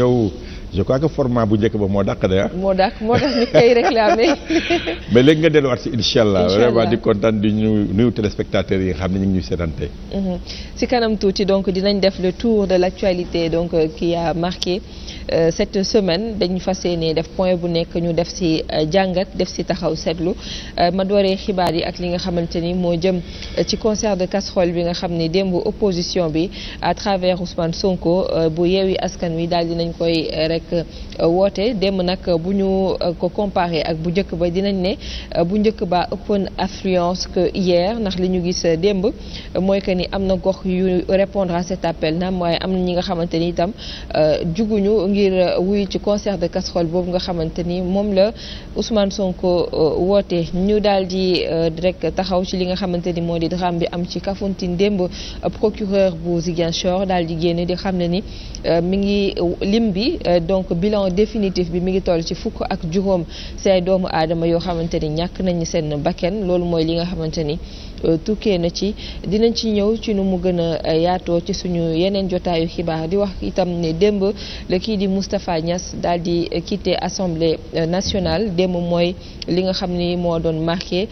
ñëw je crois que format bu njëkk ba moo dàq de ah. moo dàq moo tax ñu koy réclamé. mais léegi nga delluwaat si incha allah vraiment di kontaan di ñu nuyu téléspectateurs yi nga xam ne ñu ngi ñuy seetante. Mm-hmm. si kanam tuuti donc dinañ def le tour de l' actualité donc euh, qui a marqué euh, cette semaine dañ fas yéene def point bu nekk ñu def si euh, jàngat def si taxaw seetlu euh, ma dooree xibaar yi ak li nga xamante ni moo jëm ci concert de casserole bi nga xam ni démb opposition bi à travers Ousmane Sonko bu yeewi askan wi daal dinañ koy rek. rek euh, woote démb nag euh, bu ñu euh, ko comparé ak bu njëkk ba dinañ ne bu njëkk ba ëppoon affluence que hier ndax li ñu gis démb mooy que ni am na gox yu répondre à cet appel naam am ñi nga xamante ni itam juguñu ngir wuyu ci concert de casserole boobu nga xamante ni moom la Ousmane Sonko woote ñu daal di rek taxaw ci li nga xamante ni moo di drame bi am ci Kafountine démb procureur bu Ziguinchor daal di génn di xam ne ni mi ngi lim bi donc bilan définitif bi mi ngi toll ci fukk ak juróom say doomu aadama yoo xamante ni ñàkk nañu seen bakken loolu mooy li nga xamante ni Euh, tukkee na ci dinañ ci ñëw ci nu mu gën a euh, yaatoo ci suñu yeneen jotaayu xibaar di wax itam ne démb la kii di Moustapha Niass daal di quitté assemblée euh, nationale démb mooy li nga xam ni moo doon marqué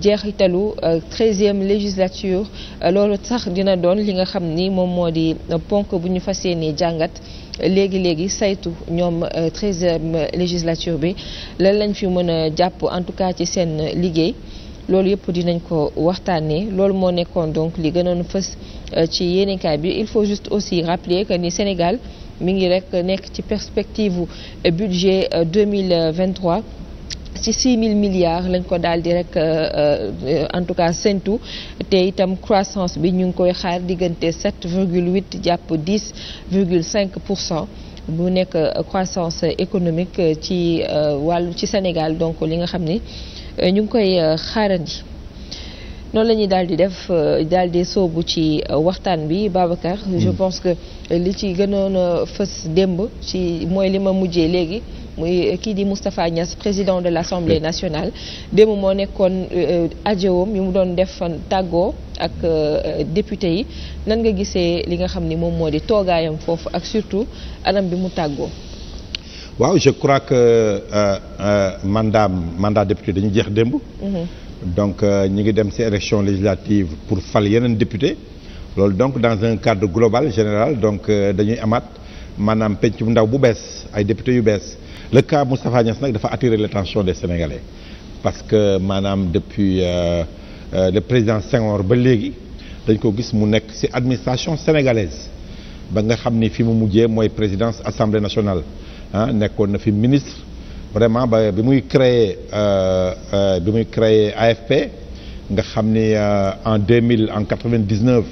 jeexitalu treizième législature loolu sax dina doon li nga xam ni moom moo di ponk bu ñu fas yéenee jàngat léegi léegi saytu ñoom treizième législature bi lan lañ fi mën a jàpp en tout cas ci seen liggéey. loolu yëpp dinañ ko waxtaanee loolu moo nekkoon donc li gënoon fës euh, ci yéenekaay bi il faut juste aussi rappeler que ni Sénégal mi ngi rek nekk ci perspective euh, budget 2023 ci 6 000 milliards lañ ko daal di rek euh, en tout cas séntu te itam croissance bi ñu ngi koy xaar diggante 7 virgule 8 jàpp 10 virgule 5 pour cent bu nekk croissance économique ci wàllu ci Sénégal donc li nga xam ni Euh, ñu ngi koy euh, xaarandi noonu la ñuy daal di def euh, daal di soobu ci waxtaan bi Babacar mm. je pense que li ci gënoon a fës démb ci mooy li ma mujjee léegi muy kii di Moustapha Niass président de l'Assemblée mm. nationale démb moo nekkoon ajoom yu mu doon def fan tàggoo ak député yi nan nga gisee li nga xam ni moom moo di toogaayam foofu ak surtout anam bi mu tàggoo waaw je crois que euh, euh, mandat mandat député dañu jeex démb. Mhm. donc euh, ñi ngi dem ci élection législative pour fal yeneen député loolu donc dans un cadre global général donc euh, dañuy amaat maanaam pencum ndaw bu bees ay député yu bees le cas Moustapha Niass nag dafa attirer l'attention de Sénégalais parce que maanaam depuis euh, euh, le président Senghor ba léegi dañ ko gis mu nekk ci administration sénégalaise ba nga xam ni fi mu mujjee mooy présidence assemblée nationale. ah nekkoon na fi ministre vraiment ba bi muy créer euh, euh, bi muy créer AFP nga xam ni euh, en deux mille en quatre vingt dix neuf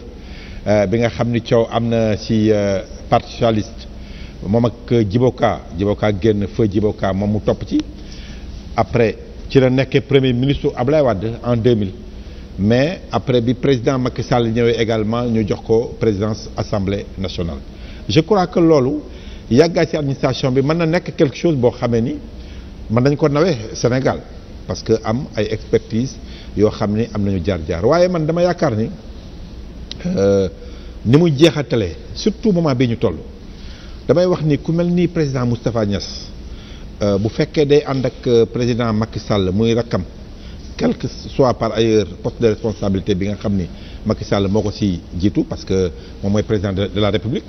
bi nga xam ni coow am na si parti socialiste moom ak Djiboka Djiboka génn fa Djiboka moom mu topp ci après ci la nekkee premier ministre Ablaye Wade en 2000 mais après bi président Macky Sall ñëwee également ñu jox ko présidence assemblée nationale je crois que loolu yàggaay ci administration bi mën na nekk quelque chose boo xamee ni mën nañ ko nawee Sénégal parce que am ay expertise yoo xam ni am nañu jaar-jaar waaye man dama yaakaar ni euh, ni mu tele surtout moment bi ñu toll damay wax ni ku mel nii président Moustapha Niass euh, bu fekkee day ànd ak euh, président Macky Sall muy rakkam quel que soit par ay poste de responsabilité bi nga xam ni Macky Sall moo ko si jiitu parce que moom mooy président de la République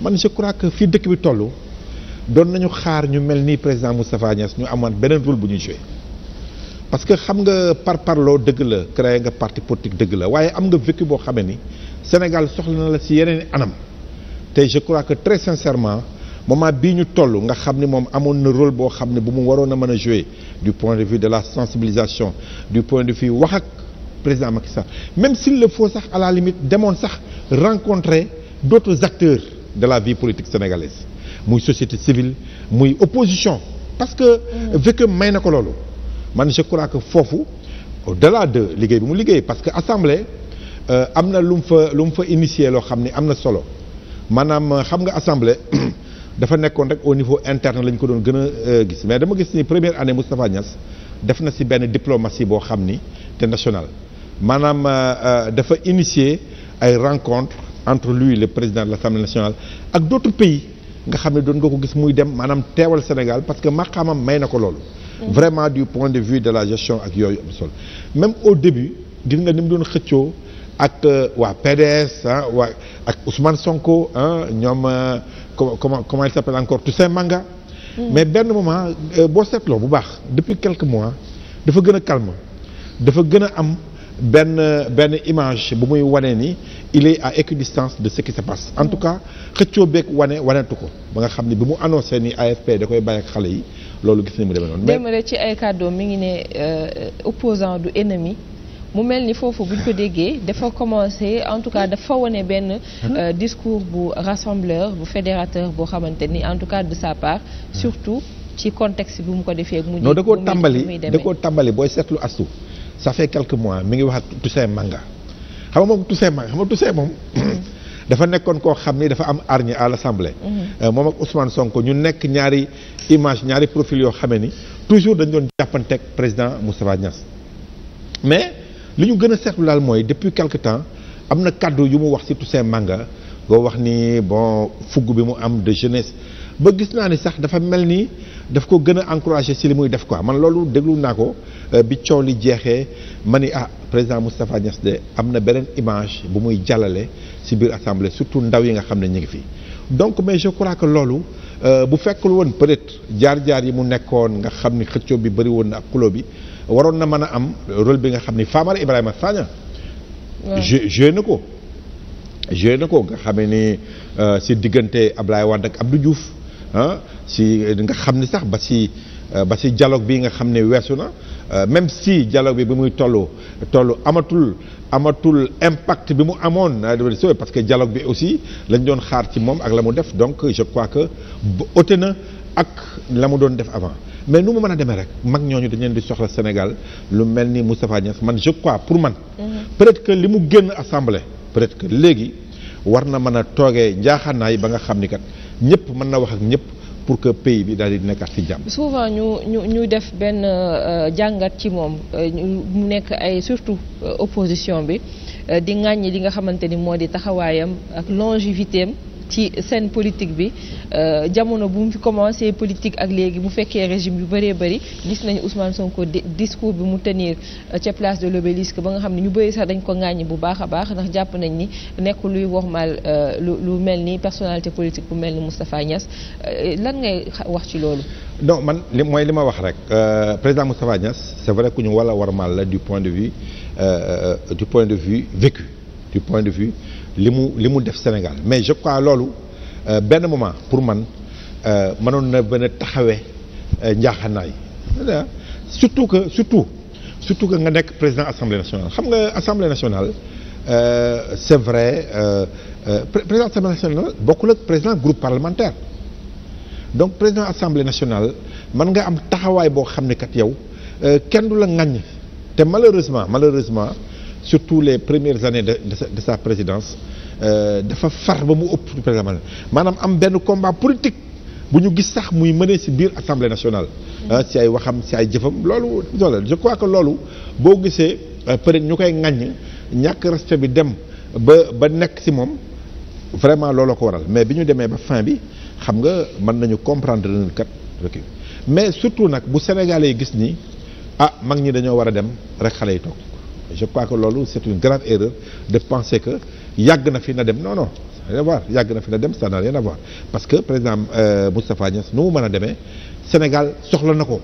man je crois que fii dëkk bi tollu doon nañu xaar ñu mel ni président Moustapha Niass ñu amoon beneen rôle bu ñu joué parce que xam nga par parloo dëgg la créé nga parti politique dëgg la waaye am nga vécu boo xamee ni Sénégal soxla na la ci yeneen anam te je crois que très sincèrement moment bii ñu toll nga xam ni moom amoon na rôle boo xam ne bu mu waroon a mën a jouer du point de vue de la sensibilisation du point de vue wax ak président Macky Sall même s'il le faut sax à la demoon sax rencontrer d'autres acteurs de la vie politique sénégalaise muy société civile muy opposition parce que mm. vécu may na ko loolu man je crois que foofu au-delà de liggéey bi mu liggéey parce que assemblée euh, am na lu mu fa lu mu fa initier loo xam ni am na solo maanaam euh, xam nga assemblée dafa nekkoon rek au niveau interne la ñu ko doon gën a euh, gis mais dama gis ni première année Moustapha Niass def na si benn diplomatie boo xam ni te nationale maanaam dafa initier ay rencontres entre lui le président de l'Assemblée nationale ak d'autres pays nga xam ne doon nga ko gis muy dem maanaam teewal Sénégal parce que maqaamam may na ko loolu mm. vraiment du point de vue de la gestion ak yooyu am solo même au début gis nga ni mu doon xëccoo ak euh, waa PDS ah waa ak Ousmane Sonko ah, ñoom euh, comment comment il s'appelle encore Toussaint Manga mm. mais benn moment euh, boo setloo bu baax depuis quelques mois dafa gën a calme dafa gën a am benn benn image bu muy wane ni il est à équidistance de ce qui se passe en tout cas xëccoo beeg wane wanetu ko ba nga xam ni bi mu annoncé ni AFP da koy bàyyi ak xale yi loolu gis nañu mu demee noonu. mais démb ci ay kàddoom mi ngi ne euh, opposant du ennemi. mu mel ni foofu bu ñu ko déggee dafa commencé en tout cas dafa wane benn euh, discours bu rassembleur bu fédérateur boo xamante ni en tout cas de sa part surtout ci contexte bi mu ko defee. mu non da koo tàmbali da koo tàmbali booy seetlu astu ça fait quelques mois mi ngi wax ak Toussaint Manga xam nga moom Toussaint Manga xam nga Toussaint moom mm-hmm. dafa nekkoon koo xam ni dafa am hargne à l'Assemblée mm-hmm. euh, moom ak Ousmane Sonko ñu nekk ñaari image ñaari profil yoo xamee ni toujours dañ doon jàppanteeg président Moustapha Niass mais li ñu gën a seetlu daal mooy depuis quelque temps am na kàddu yu mu wax ci Toussaint Manga nga wax ni bon fugg bi mu am de jeunesse ba gis naa ni sax dafa mel ni daf ko gën a encouragé si li muy def quoi man loolu déglu naa ko euh, bi coow li jeexee ma ni ah président Moustapha Niass de am na beneen image bu muy jàllale si biir assemblée surtout ndaw yi nga xam ne ñu ngi fii donc mais je crois que loolu euh, bu fekkul woon peut-être jaar-jaar yi mu nekkoon nga xam ni xëccoo bi bëri woon na ak xuloo bi waroon na mën a am rôle bi nga xam ni Famara Ibrahima Sagna. je joué na ko. joué na ko nga xam ni si euh, diggante Ablaye Wade ak Abdou Diouf. ah si eh, nga xam ni sax ba si eh, ba si dialogue bi nga xam ne weesu na eh, même si dialogue bi bi muy tollu tollu amatul amatul impact bi mu amoon ah, parce que dialogue bi aussi lañ doon xaar ci moom ak la mu def donc je crois que ôté na ak la mu doon def avant mais nu mu mën a demee rek mag ñooñu dañ leen di soxla Sénégal lu mel ni Moustapha Niass man je crois pour man. Mhm. peut-être que li mu génn assemblée peut-être que léegi war na mën a toogee njaaxaanaay ba nga xam ni kat. ñëpp mën na wax ak ñëpp pour que pays bi daal di nekkaat ci jàmm. souvent ñu ñu ñu def benn euh, jàngat ci moom euh, mu nekk ay surtout euh, opposition bi di ŋàññi li nga xamante ni moo di taxawaayam ak yu am ci seen politique bi euh, jamono bu mu fi commencé politique ak léegi bu fekkee régime yu bëree bëri gis nañu Ousmane Sonko discours bi mu tenir euh, ca place de l'obélisque ba nga xam ne ñu bëri sax dañ ko ŋàññi bu baax a baax ndax jàpp nañ ni nekk luy wax mal euh, lu lu mel ni personnalité politique bu mel ni Moustapha Niass lan ngay wax ci loolu. non man li mooy li ma wax rek président Moustapha Niass c'est vrai ñu wala war mal la du point de vue du point de vue vécu du point de vue. li mu li mu def Sénégal mais je crois loolu euh, benn moment pour man euh, mënoon na benn taxawee euh, njaaxanaay surtout que surtout surtout que nga nekk président assemblée nationale xam nga assemblée nationale c'est vrai président assemblée nationale bokkul ak président groupe parlementaire donc président assemblée nationale mën nga am taxawaay boo xam ne kat yow kenn du la ŋàññ te malheureusement malheureusement surtout les premières années de de sa, de sa présidence euh, dafa far ba mu ëpp président maanaam am benn combat politique bu ñu gis sax muy mënee ci biir assemblée nationale. Mm-hmm. Euh, ci ay waxam si ay jëfam loolu loolu je crois que loolu boo gisee euh, peut ñu koy ŋaññ ñàkk respect bi dem ba ba nekk ci moom vraiment looloo ko waral mais bi ñu demee ba fin bi xam nga mën nañu comprendre leen kat mais surtout nag bu Sénégalais gis nii ah mag ñi dañoo war a dem rek xale yi toog. je crois que loolu c' est une grave erreur de penser que yàgg na fi na dem non non yàgg na fi na dem ça n'a rien à parce que président euh, Moustapha Niass nu mu mën a demee Sénégal soxla na ko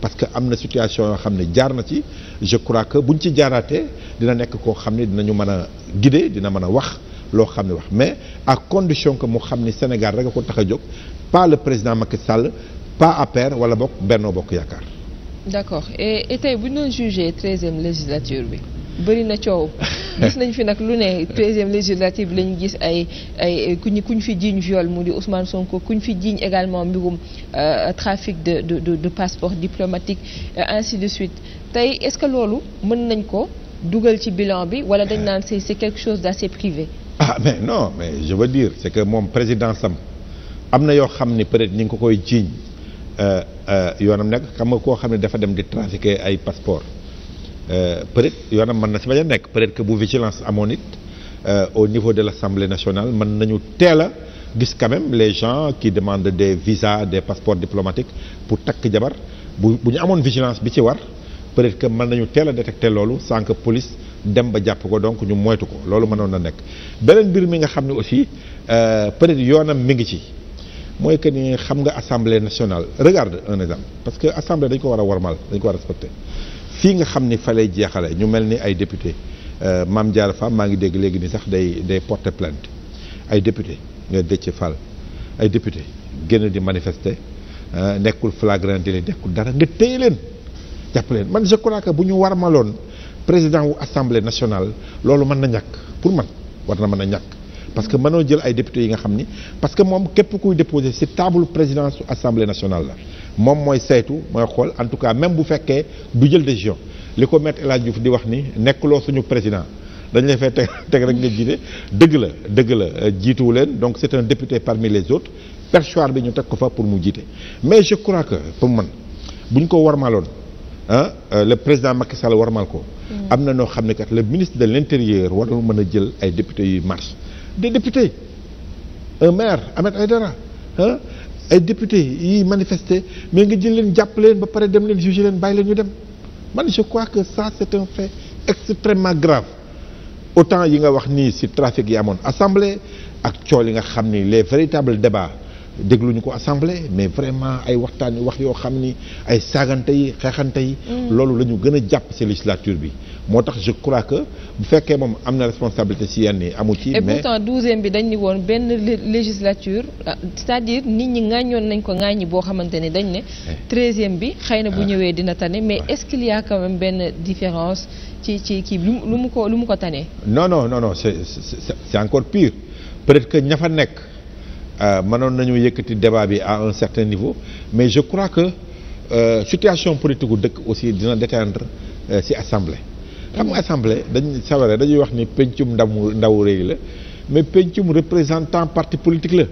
parce que am na situation yoo xam ne jaar na ci je crois que bu buñ ci jaaraatee dina nekk koo xam ne dinañu mën a guider dina mën a wax loo xam ne wax mais à condition que mu xam ni Sénégal rek a ko tax a jóg pas le président Macky Sall pas APR wala bokk Benno Bokk Yaakaar. d'accord et et tey bu ñu doon jugé treizième législature bi bëri na coow. gis nañ fi nag lu ne treizième législative lañu gis ay ay ku ñu ku ñu fi jiiñ viol mu di Ousmane Sonko ku ñu fi jiiñ également mbirum euh, trafic de de de de passeport diplomatique euh, ainsi de suite tey est-ce que loolu mën nañ ko dugal ci bilan bi wala dañ naan c'est c'est quelque chose d'assez privé. ah mais non mais je veux dire c'est que moom président am am na yoo xam ni peut-être ñu ko koy jiiñ. Euh, euh, yoonam nekk xam nga koo xam ne dafa dem di trafiquer ay passeport euh, peut-être yoonam mën na si bañ a nekk peut-être que bu vigilance amoon it au niveau de l'Assemblée nationale mën nañu teel a gis quand même les gens qui demande de visas des passeports diplomatiques pour takk jabar bu bu ñu amoon vigilance bi ci war peut-être que mën nañu teel a détecter loolu sans que police dem ba jàpp ko donc ñu moytu ko loolu mënoon na nekk beneen mbir mi nga xam ne aussi peut-être yoonam mi ngi ci mooy que nii xam nga assemblée nationale regarde un exemple parce que assemblée dañ ko war a warmal dañ ko war a respecté fii nga xam ni fa lay jeexale ñu mel ni ay député euh, maam Diarra Fam maa ngi dégg léegi ni sax day day porter plainte ay député nga Déthié Fall ay député génn di manifester euh, nekkul flagrant délit nekkul dara nga téye leen jàpp leen man je crois que bu ñu war warmaloon président wu assemblée nationale loolu mën na ñàkk pour man war na mën a ñàkk parce que mënoo jël ay député yi nga xam ni parce que moom képp kuy déposé ci table présidence assemblée nationale la moom mooy saytu mooy xool en tout cas même bu fekkee du jël décision li ko maître El Hadj Diouf di wax ni nekkuloo suñu président dañu lay fay teg rek nga jiite dëgg la dëgg la euh, jiituwu leen donc c'est un député parmi les autres perchoir bi ñu teg ko fa pour mu jiite mais je crois que pour man bu ñu ko warmaloon ah euh, le président Macky Sall warmal ko mm. am na noo xam ne kat le ministre de l'intérieur warul mën jël ay députés yuy marche des députés un maire Ahmed ay ah ay députés yi manifester mais nga jël leen jàpp leen ba pare dem leen juger leen bàyyi leen ñu dem man je crois que ça c'est un fait extrêmement grave autant yi nga wax nii ci trafic yi amoon assemblée ak coow li nga xam ni les véritables débats dégluñu ko assemblée mais vraiment ay waxtaan yu wax yoo xam ni ay saagante yi xeexante yi. Mm. loolu la ñu gën a jàpp ci législature bi. moo tax je crois que bu fekkee moom am na responsabilité si yenn yi amu ci. mais et pourtant douzième bi dañu ni woon benn législature ah, c'est-à-dire nit ñi ŋàññoon nañ ko ŋàññi boo xamante ni dañ ne. Eh. treizième bi xëy na bu ah. ñëwee dina tane mais est-ce qu'il benn différence ci ci kii lu lu mu ko lu mu ko tane. non non non c'est encore pire peut-être que ña fa nekk euh, mënoon nañu yëkkati débat bi à un certain niveau mais je crois que euh, situation politique gu dëkk aussi dina déteindre si euh, assemblée. xam nga assemblée dañ dañuy wax ni pencum ndamu ndaw réew la mais pencum représentant parti politique la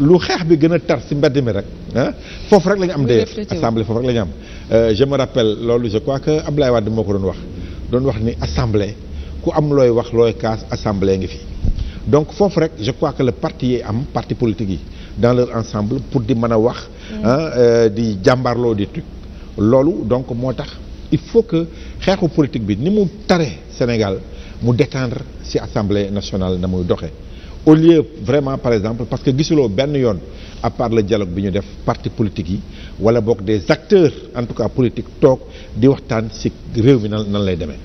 lu xeex bi gën a tar si mbedd mi rek ah foofu rek la am d'ailleurs assemblée foofu rek la ñu am euh, je me rappelle loolu je crois que Abdoulaye Wade moo ko doon wax doon wax ni assemblée ku am looy wax looy kaas assemblée ngi fii donc foofu rek je crois que le parti yi am parti politique yi dans leur ensemble pour di man a wax ah, euh, di jàmbarloo di truc loolu donc moo tax il faut que xeexu politique bi ni mu tare Sénégal mu détendre ci assemblée nationale na muy doxee au lieu vraiment par exemple parce que gisuloo benn yoon à part le dialogue bi ñu def parti politique yi wala bokk des acteurs en tout cas politique toog di waxtaan ci réew mi nan nan lay demee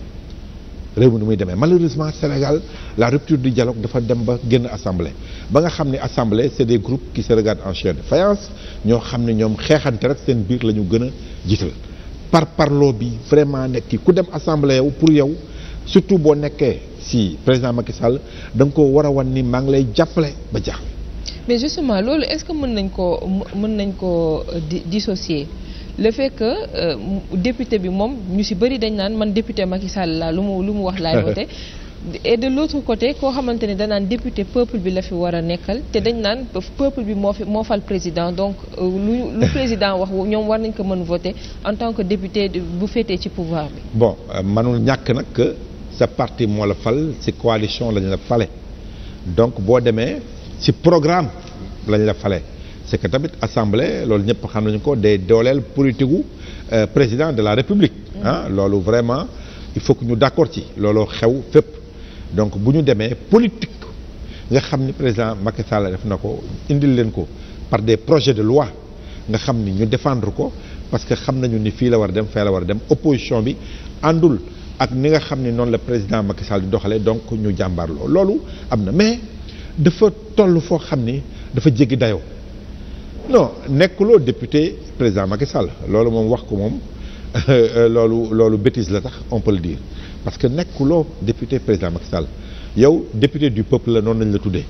réew mi nu muy demee malheureusement Sénégal la rupture du dialogue dafa dem ba génn assemblée ba nga xam ne assemblée c'est des groupes qui se regardent en de faïence ñoo xam ne ñoom xeexante rek seen biir la ñu gën a jiital par parloo bi vraiment nekk ki ku dem assemblée yow pour yow surtout boo nekkee si président Macky Sall da ko war a wan ni maa ngi lay jàppale ba jaax mais justement loolu est-ce que mën nañ koo mën nañ koo euh, dissocier le fait que euh, député bi moom ñu si bëri dañ naan man député Macky Sall laa lu mu lu mu wax laay voté et de l'autre côté koo xamante ne danaan député peuple bi la fi war a nekkal te dañ naan peuple bi moo fi moo fal président donc euh, lu président wax ñoom war nañ ko mën voter en tant que député bu féetee ci pouvoir bi euh, manul ñàkk nag que sa partie moo la fal si coalition lañ la fale donc boo demee si programme lañ la fale c'est que tamit assemblée loolu ñëpp xam nañu ko day dooleel politique gu euh, président de la république mm. ah loolu vraiment il faut que ñu d'accord ci looloo xew fépp donc bu ñu demee politique nga xam ni président Macky Sall def na ko indil leen ko par des projet de loi nga xam ni ñu défendre ko parce que xam nañu ni fii la war a dem fee la war a dem opposition bi àndul ak ni nga xam ni noonu la président Macky Sall di doxalee donc ñu jàmbaarloo loolu am na mais dafa toll foo xam ni dafa jéggi dayoo non nekkuloo député président Macky Sall loolu moom wax ko moom loolu loolu bêtise la sax on peut le dire parce que nekkuloo député président Macky yow député du peuple la noonu lañ la tuddee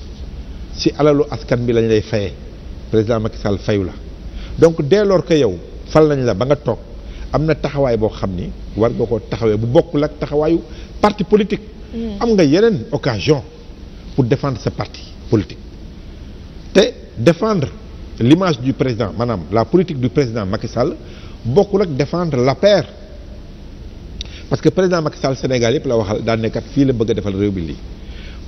si alalu askan bi lañ lay fayee président Macky Sall fayu la donc dès lors que yow fal nañ la ba nga toog am na taxawaay boo xam ni war nga ko taxawee bu bokkul ak taxawaayu parti politique. Mm. am nga yeneen occasion pour défendre sa parti politique. te défendre l'image du président maanaam la politique du président Macky Sall bokkul ak défendre l'APR parce que président Macky Sall Sénégal yëpp la waxal daan ne kat fii la bëgg a defal réew mi lii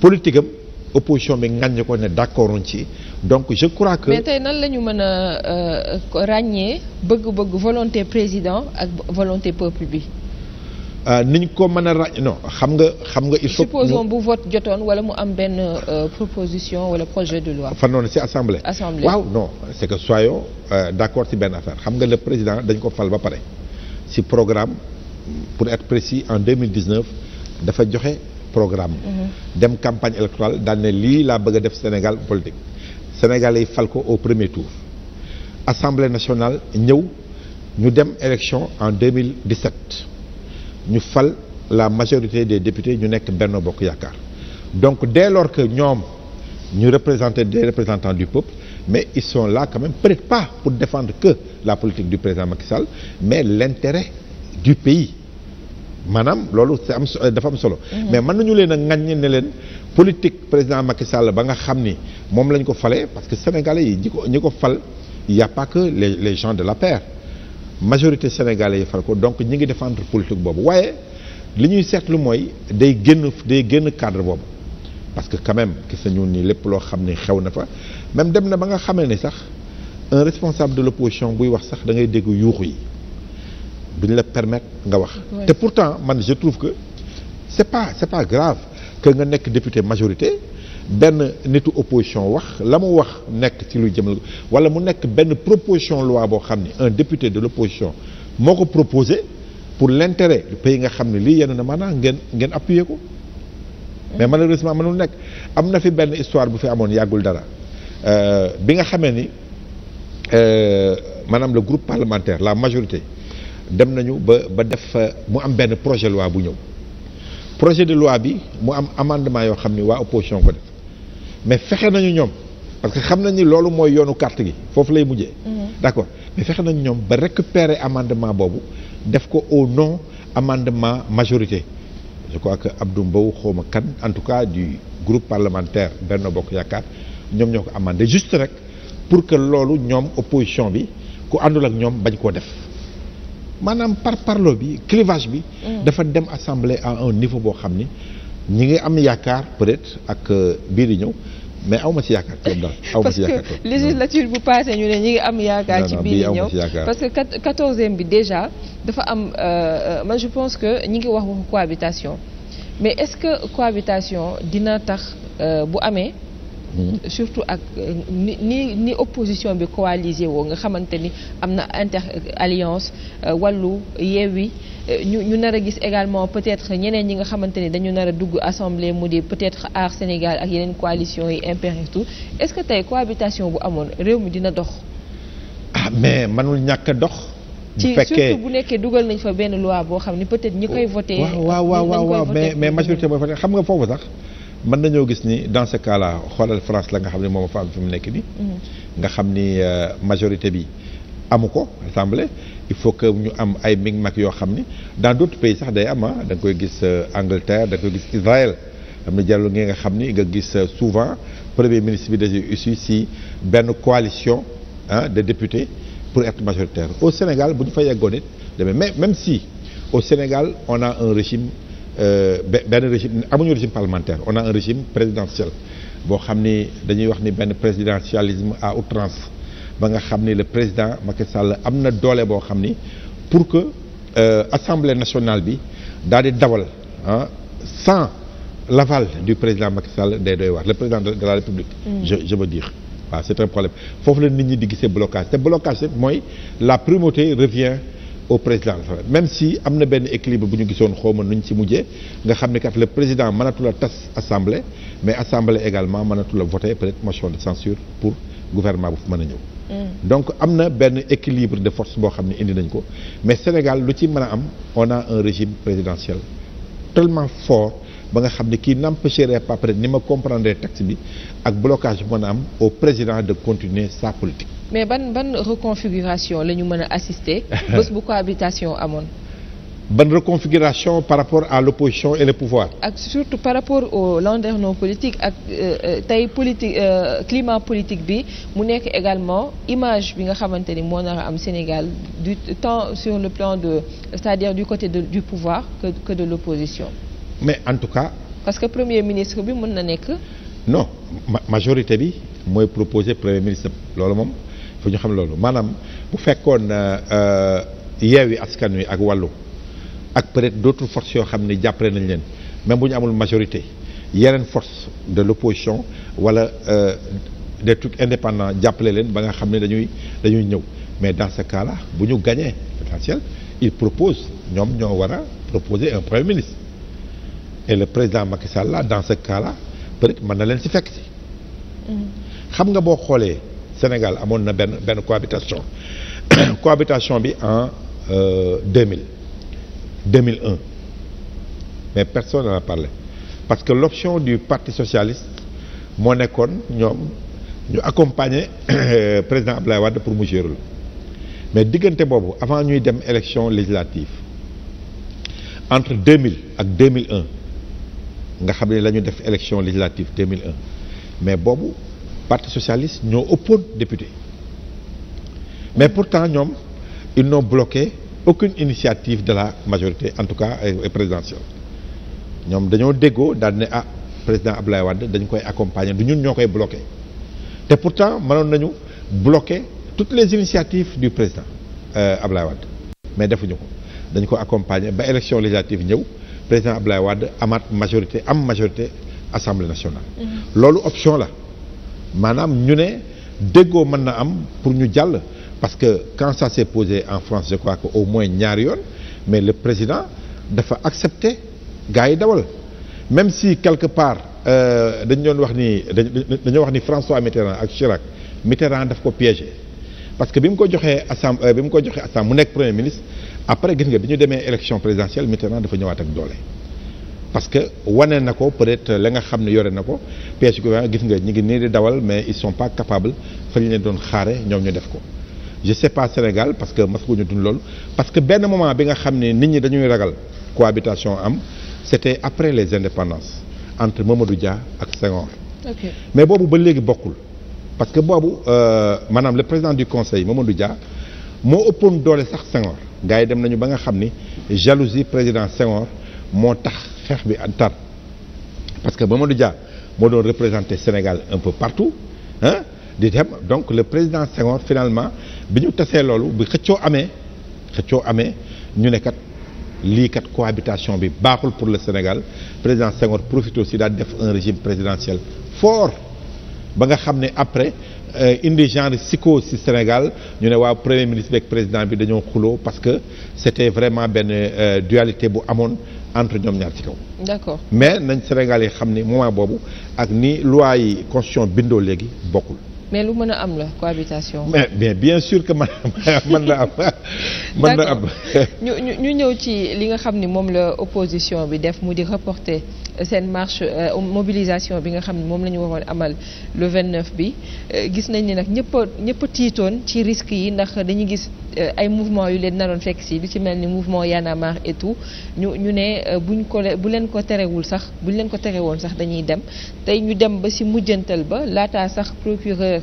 politique am opposition bi ngàññ ko ne d'accord ci donc je crois que. mais tey nan la ñu mën a euh, ràññee bëgg-bëgg volonté président ak volonté peuple bi. Euh, ni ñu ko mën a ràññ non xam nga xam nga il faut. supposons bu vote jotoon wala mu am benn euh, proposition wala projet de loi. fan noonu ci assemblée. assemblée waaw non c'est que soyons d'accord ci benn affaire xam nga le président dañ ko fal ba pare ci programme. pour être précis en 2019 dafa joxe programme mhm. dem campagne électorale daan ne lii laa bëgg a def Sénégal politique Sénégal yi fal ko au premier tour Assemblée nationale ñëw ñu dem élection en 2017 ñu fal la majorité des députés ñu nekk Benno Bokk Yaakaar donc dès lors que ñoom ñu représenter des représentants du peuple mais ils sont là quand même pas pour défendre que la politique du président Macky Sall mais l'intérêt du pays maanaam loolu c'est am dafa am solo. Mhm. mais mën nañu leen a ŋaññi ne leen politique président Macky Sall ba nga xam ni moom lañ ko fale parce que sénégalais yi ñi ko ñi ko fal y a pas que les les gens de l'APR majorité sénégalais yi fal ko donc ñi ngi défendre politique boobu waaye li ñuy seetlu mooy day génn day génn cadre boobu. parce que quand même gis nañu ni lépp loo xam ni xew na fa même dem na ba nga xamee ni sax un responsable de l'opposition buy wax sax dangay ngay dégg yuuxu yi. ñu la permettre nga wax. te pourtant man je trouve que c' est pas c' est pas grave que nga nekk député majorité benn nitu opposition wax la mu wax nekk ci lu jëm wala mu nekk benn proposition loi boo xam ni un député de l' opposition moo ko proposé pour l' intérêt du pays nga xam ne lii yenn na maanaam ngeen ngeen appuyer ko. mais malheureusement mënul nekk am na fi benn histoire bu fi amoon yàggul dara euh, bi nga xamee ni euh, maanaam le groupe parlementaire la majorité. dem nañu ba ba def euh, mu am benn projet loi bu ñëw projet de loi bi mu am amendement yoo xam ni waa opposition ko def mais fexe nañu ñoom parce que xam nañ ni loolu mooy yoonu carte gi foofu lay mujjee. Mhm. d'accord mais fexe nañu ñoom ba récupérer amendement boobu def ko au non amendement majorité je crois que Abdou Mbow xawma kan en tout cas du groupe parlementaire Benno Bokk Yaakaar ñoom ñoo ko amandé juste rek pour que loolu ñoom opposition bi ku àndul ak ñoom bañ koo def. maanaam par parlo bi clivage bi. Mm. dafa dem assemblée à un niveau boo xam ni ñi ngi am yaakaar peut-être ak euh, biir di ñëw. mais aw ma ci yaakaar trop daal aw ma législature bu passé ñu ne ñi ngi am yaakaar ci biir ñëw parce que quatorzième bi déjà dafa am euh, euh, man je pense que ñi ngi wax waxu cohabitation mais est-ce que cohabitation dina tax bu amee Euh, surtout ak euh, ni ni opposition bi coalisé woo nga xamante ni am na inter alliance euh, wàllu yeewi ñu ñu nar a gis également peut-être ñeneen ñi nga xamante ni dañu nar a dugg assemblée mu di peut-être aar Sénégal ak yeneen coalition yi impair tout est-ce que tey cohabitation bu amoon réew mi dina dox. ah mais mënul ñàkk dox. ci surtout bu nekkee dugal nañ fa benn loi boo xam ni peut-être ñi koy oh, voté. waaw waaw waaw mais mais majorité booy voté xam nga foofu sax. mën nañoo gis ni dans ce cas là xoolal France la nga xam ne moom a fa am fi mu nekk nii. Mm-hmm. nga xam ni euh, majorité bi amu ko assemblée il faut que ñu am ay mig mag yoo xam ni dans d' autres pays sax day am ah. da nga koy gis euh, Angleterre da nga koy gis Israël am na jàllu ngi nga xam ni nga gis euh, souvent premier ministre bi déjà issu si benn coalition ah de députés pour être majoritaire au Sénégal bu ñu fa yeggoon it demee si au Sénégal on a un régime Euh, benn régime amuñu régime parlementaire on a un régime présidentiel boo xam ni dañuy wax ni benn présidentialisme à outrance ba nga xam ni le président Macky Sall am na doole boo xam ni pour que euh, assemblée nationale bi daal di dawal ah sans l'aval du président Macky Sall day doy wax le président de la République. Mm. je veux dire. waaw c'est un problème foofu la nit ñi di gisee blocage te blocage mooy la primauté revient. au président même si am na benn équilibre bu ñu gisoon xaw ma nu ñu ci mujjee nga xam ne kat le président mënatul a tas assemblée mais assemblée également mënatul a voter peut-être motion de censure pour gouvernement bu mën a ñëw. Mm. donc am na benn équilibre de force boo xam ne indi nañ ko mais Sénégal lu ci mën a am on a un régime présidentiel tellement fort ba nga xam ne kii n'empêcherait pas peut-être ni ma comprendre texte bi ak blocage bu mën a am au président de continuer sa mais ban ban reconfiguration la ñu mën a assister bés bu cohabitation amoon ban reconfiguration par rapport à l'opposition et le pouvoir ak surtout par rapport au landerneau politique ak euh, euh, tey politique euh, climat politique bi mu nekk également image bi nga xamante ni moo nar a am Sénégal du temps sur le plan de c'est-à-dire du côté de, du pouvoir que, que de l'opposition mais en tout cas parce que premier ministre bi mën na nekk non majorité bi mooy proposer premier ministre loolu moom fu ñu xam loolu maanaam bu fekkoon euh, euh, yeewi askan wi ak wàllu ak peut-être d'autres forces yoo xam ni jàppale nañ leen même bu ñu amul majorité yeneen force de l'opposition wala euh, des trucs indépendant jàppale leen ba nga xam ne dañuy dañuy ñëw mais dans ce bu ñu gañee potentiel il propose ñoom ñoo war a proposer un premier ministre et le président Macky Sall là dans ce cas là peut mën na leen si fekk si mm. xam nga boo xoolee Sénégal amoon na benn benn cohabitation cohabitation bi en euh, 2000 2001 mais personne n'en a parlé parce que l'option du parti socialiste moo nekkoon ñoom ñu accompagner président Abdoulaye Wade pour mu gérer mais diggante boobu avant ñuy dem élection législative entre 2000 ak 2001 nga xam ne la ñu def élection législative 2001 mais boobu. parti socialiste ñoo ëppoon député mais pourtant ñoom ils n'ont bloqué aucune initiative de la majorité en tout cas euh, euh, présidentielle ñoom dañoo déggoo daal ne ah président Abdoulaye Wade dañ koy accompagner du ñun ñoo koy bloqué te pourtant manoon nañu bloqué toutes les initiatives du président euh, Abdoulaye Wade mais defuñu ko dañ ko accompagner ba élection législative ñëw président Abdoulaye Wade amaat majorité am majorité assemblée nationale mm-hmm. loolu option la maanaam ñu ne déggoo mën na am pour ñu jàll parce que quand ça s'est posé en France je crois que au moins ñaari yoon mais le président dafa accepter gaa yi dawal même si quelque part euh, dañ doon wax ni dañoo wax ni François Mitterrand ak Chirac Mitterrand daf ko piégé parce que bi mu ko joxee assemblée euh, bi mu ko joxee assemblée mu nekk premier ministre après gis nga bi ñu demee élection présidentielle Mitterrand dafa ñëwaat ak doole parce que wane na ko peut-être la nga xam ne yore na ko pièce gouvernement gis nga ñi ngi nii di dawal mais ils sont pas capables fa ñu leen doon xaare ñoom ñu def ko je sais pas Sénégal parce que masuñu dund loolu parce que benn moment bi nga xam ne nit ñi dañuy ragal cohabitation am c'était après les indépendances entre Mamadou Dia ak Senghor mais boobu ba léegi bokkul parce que boobu euh, maanaam le président du conseil du Dia moo ëppoon doole sax Senghor gars yi dem nañu ba nga xam ni jalousie président Senghor moo tax xeex bi tar parce que Mamadou Dia moo doon représenté Sénégal un peu partout ah di dem donc le président Senghor finalement bi ñu tasee loolu bi xëccoo amee xëccoo amee ñu ne kat lii kat cohabitation bi baaxul pour le Sénégal président Senghor profite aussi daal def un régime présidentiel fort ba nga xam ne après euh, indi genre siko si Sénégal ñu ne waaw premier ministre beeg président bi dañoo xuloo parce que c'était vraiment benn euh, dualité bu amoon entre ñoom ñaar ci kaw. d'accord mais nañ Sénégal yi xam ni moment boobu ak ni loi yi constitution bindoo léegi bokkul. mais lu mën a am la cohabitation. mais bien sûr que man man la am. man na am ñu ñëw ci li nga xam ni moom la opposition bi def mu di reporter. seen marche euh, um, mobilisation bi nga xam ne moom la ñu waroon amal le 29 bi euh, gis nañ ni nag ñëpp a ñëpp tiitoon ci risques yi ndax dañu gis euh, ay mouvement yu leen naroon fekk si lu ci mel ni mouvement Y'en a marre et tout ñu ñu ne buñ ko bu leen ko terewul sax buñ leen ko woon sax dañuy dem tey ñu dem ba si mujjantal ba laataa sax procureur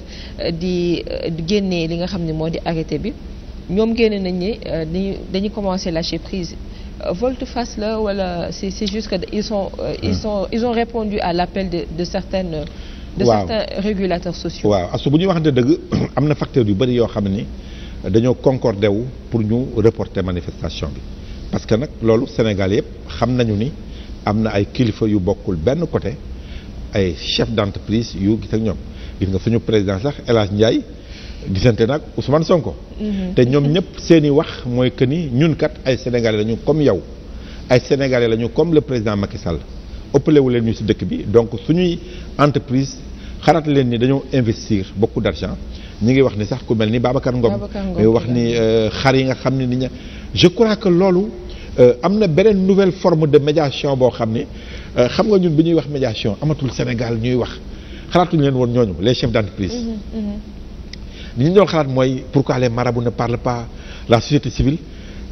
di génnee li nga xam ne moo di arrêté bi ñoom génne nañ ne dañu dañu commencé lâcher prise volte fass la wala c'est c'est que ils sont euh, ils sont ils répondu à l'appel de de certaines de wow. certains régulateurs sociaux. bu ñuy waxante dëgg am na facteurs yu bëri yoo xam ni dañoo concordé wu pour ñu reporter manifestation bi parce que nag loolu Sénégal yëpp xam nañu ni am na ay kilifa yu bokkul benn côté ay chef d'entreprise yu gis ñoom gis nga suñu président sax El Hadj Ndiaye. gisante nag Ousmane Sonko. Mhm. te ñoom ñëpp seen i wax mooy que ni ñun kat ay sénégalais lañu comme yow. ay sénégalais lañu comme le président Macky Sall ëppale wu leen ñu ci dëkk bi donc suñuy entreprise xalaat leen ni dañoo investir beaucoup d'argent ñu ngi wax ni sax ku mel ni Babacar Ngom wax ni euh, xar yi nga xam ne ni ña je crois que loolu euh, am na beneen nouvelle forme de médiation boo xam ni euh, xam nga ñun bi ñuy wax médiation amatul Sénégal ñuy wax xalaatuñu leen woon ñooñu les chefs d'entreprise mhm, mhm. li ñu doon xalaat mooy pourquoi les marabouts ne parlent pas la société civile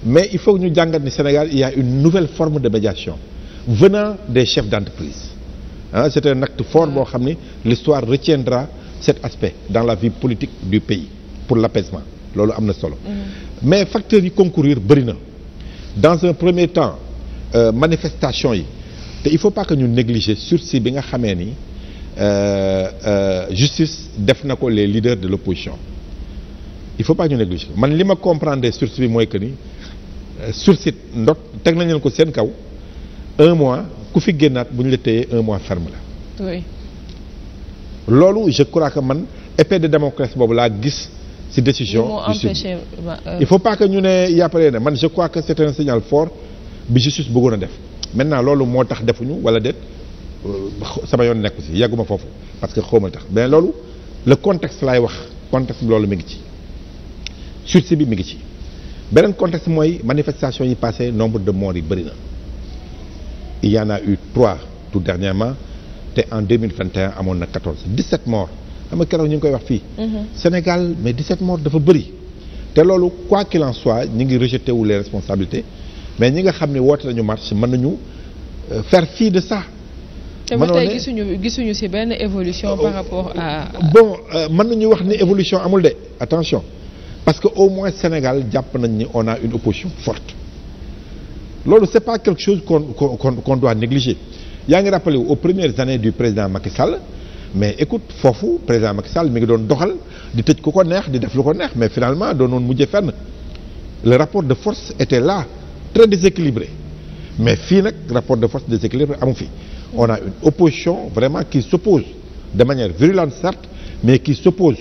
mais il faut ñu jàngat ni Sénégal il y a une nouvelle forme de médiation venant des chefs d'entreprise ah c'est un acte fort boo xam ni l'histoire retiendra cet aspect dans la vie politique du pays pour l'apaisement loolu am na solo mm-hmm. mais facteurs yi concourir bëri na dans un premier temps euh, manifestation yi te il faut pas que ñu négliger sursis bi nga xamee ni euh, euh, justice def na ko les leaders de l'opposition il faut pas ñu négliger man li ma comprendre sursis bi mooy que ni euh, sursis ndox teg nañ leen ko seen kaw un mois ku fi génnaat bu ñu la teyee un mois ferme la. loolu je crois que man épée de Damoclès boobu laa gis. ci décision du sud euh. il faut pas ñu ne yàppalee na man je crois que c'est un signal fort bi justice bëggoon a def maintenant loolu moo tax defuñu wala déet euh, sama yoon nekku ci yàgguma foofu parce que xawma tax mais loolu le contexte laay wax contexte loolu mi ngi ci. sursis bi mi ngi ci beneen contexte mooy manifestation yi passé nombre de morts yi bëri na il y en a eu trois tout dernièrement te en 2021 amoon na 14 17 morts xam nga keroog ñu ngi koy wax fii mm-hmm. Sénégal mais 17 morts dafa bëri te loolu quoi qu'il en soit ñu ngi rejeté wu les responsabilités mais ñi nga xam ne woote nañu marche mën nañu euh, fer fii de ça te ba tey gisuñu gisuñu ci benn évolution par rapport à bon euh, mën nañu wax ni évolution amul de attention parce que au moins Sénégal jàpp nañ ni on a une opposition forte loolu c'est pas quelque chose qu'on qu'on qu'on doit négliger yaa ngi rappelé aux premières années du président Macky Sall mais écoute foofu président Macky Sall mi ngi doon doxal di tëj ku ko neex di def lu ko neex mais finalement doonoon mujje fenn le rapport de force était là très déséquilibré mais fii nag rapport de force déséquilibré amu fi on a une opposition vraiment qui s'oppose de manière virulente certes mais qui s'oppose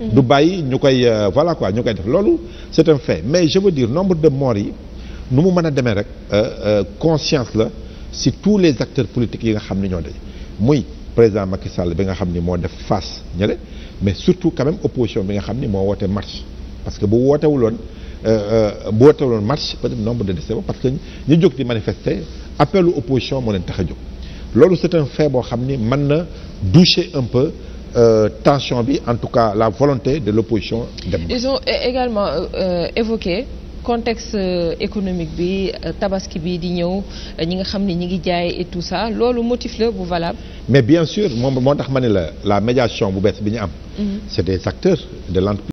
du bàyyi ñu koy euh, voilà quoi ñu koy def loolu c'est un mais je veux dire nombre de morts yi nu mu mën a demee rek euh, euh, conscience la si tous les acteurs politiques yi nga xam ne ñoo daje muy président Macky Sall bi nga xam ni moo def face ñële mais surtout quand même opposition bi nga xam ni moo woote marche parce que bu wootewuloon bu wootewuloon marche peut-être nombre de décès parce que ñu jóg di manifester appelu opposition moo leen tax a jóg loolu c'est un fait boo xam ni mën na doucher un peu euh, tension bi en tout cas la volonté de l'opposition dem ils ont également euh, évoqué contexte euh, économique bi euh, tabaski bi di ñëw euh, ñi nga xam ni ñi ngi jaay et tout ça loolu motif la bu valable mais bien sûr moom moo tax ma ne la la médiation bu bees bi ñu am mhm. c'est des acteurs de l'entreprise